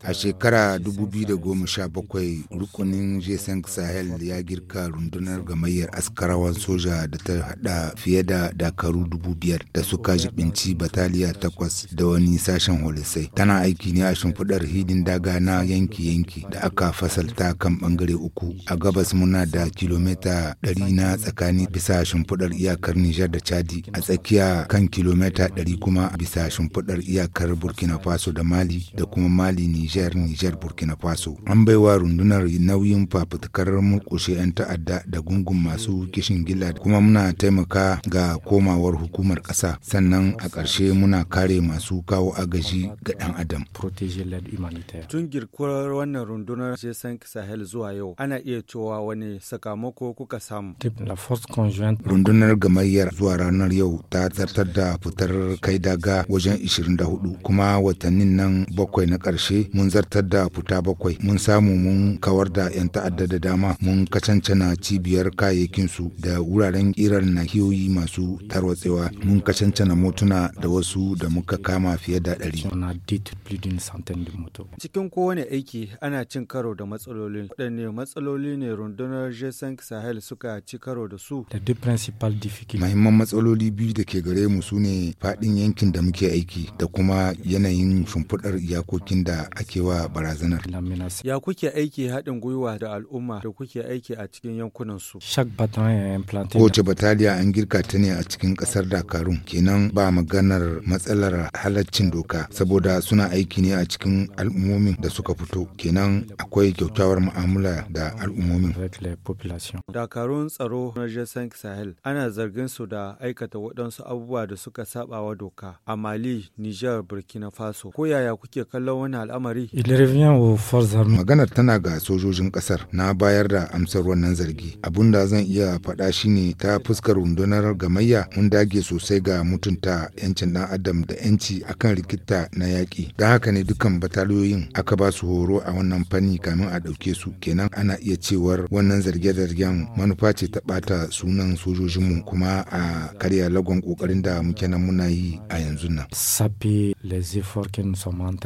A shekara 2017 euh, rukunin G5 Sahel ya girka rundunar gamayyar askarawan soja da ta hada fiye da dakaru 5,000 da suka jibinci bataliya takwas da wani sashen holisai. Tana aiki ne a shimfiɗar hidin daga na yanki-yanki da aka fasalta kan bangare uku. A gabas muna da kilomita 100 na tsakani bisa shimfiɗar iyakar Nijar da Chadi, a tsakiya kan kilomita 100 kuma bisa shimfiɗar iyakar Burkina Faso da Mali. da kuma Mali, Niger, Niger, Burkina Faso. An baiwa rundunar nauyin fafutukar murkushe 'yan ta'adda da gungun masu kishin gila kuma muna taimaka ga komawar hukumar kasa. Sannan a ƙarshe muna kare masu kawo agaji ga ɗan adam. Tun girkuwar wannan rundunar Jason Sahel zuwa yau, ana iya cewa wani sakamako kuka samu. Rundunar gamayyar zuwa ranar yau ta zartar da fitar kai daga wajen 24 kuma watannin nan bakwai na ƙarshe mun zartar da fita bakwai mun samu mun kawar da 'yan ta'adda da dama mun kacancana cibiyar kayayyakinsu da wuraren ƙirar nahiyoyi masu tarwatsewa mun kacancana motuna da wasu da muka kama fiye da ɗari. Cikin kowane aiki ana cin karo da matsaloli. Waɗanne matsaloli ne rundunar Jason Sahel suka ci karo da su? da principal Mahimman matsaloli biyu da ke gare mu su ne faɗin yankin da muke aiki da kuma yanayin shimfiɗar iyakokin da ake wa barazanar. Ya kuke aiki haɗin gwiwa da al'umma da kuke aiki a cikin yankunan su? Kowace bataliya an girka ta ne a cikin ƙasar Dakarun kenan ba maganar matsalar halaccin doka saboda suna aiki ne a cikin al'ummomin da suka fito kenan akwai kyautawar mu'amala da al'ummomin. Dakarun tsaro na Jason Sahel ana zargin su da aikata waɗansu abubuwa da suka saba doka a Mali, Niger, Burkina Faso. Ko yaya kuke kuke kallon wani al'amari. Maganar tana ga sojojin kasar na bayar da amsar wannan zargi. abunda zan iya faɗa shine ta fuskar rundunar gamayya mun dage sosai ga mutunta 'yancin ɗan adam da 'yanci akan rikita na yaƙi. Don haka ne dukkan bataliyoyin aka ba su horo a wannan fanni kamin a ɗauke su. Kenan ana iya cewar wannan zarge-zargen manufa ce ta ɓata sunan sojojinmu kuma a karya lagon ƙoƙarin da muke nan muna yi a yanzu nan. Sapi les efforts que nous sommes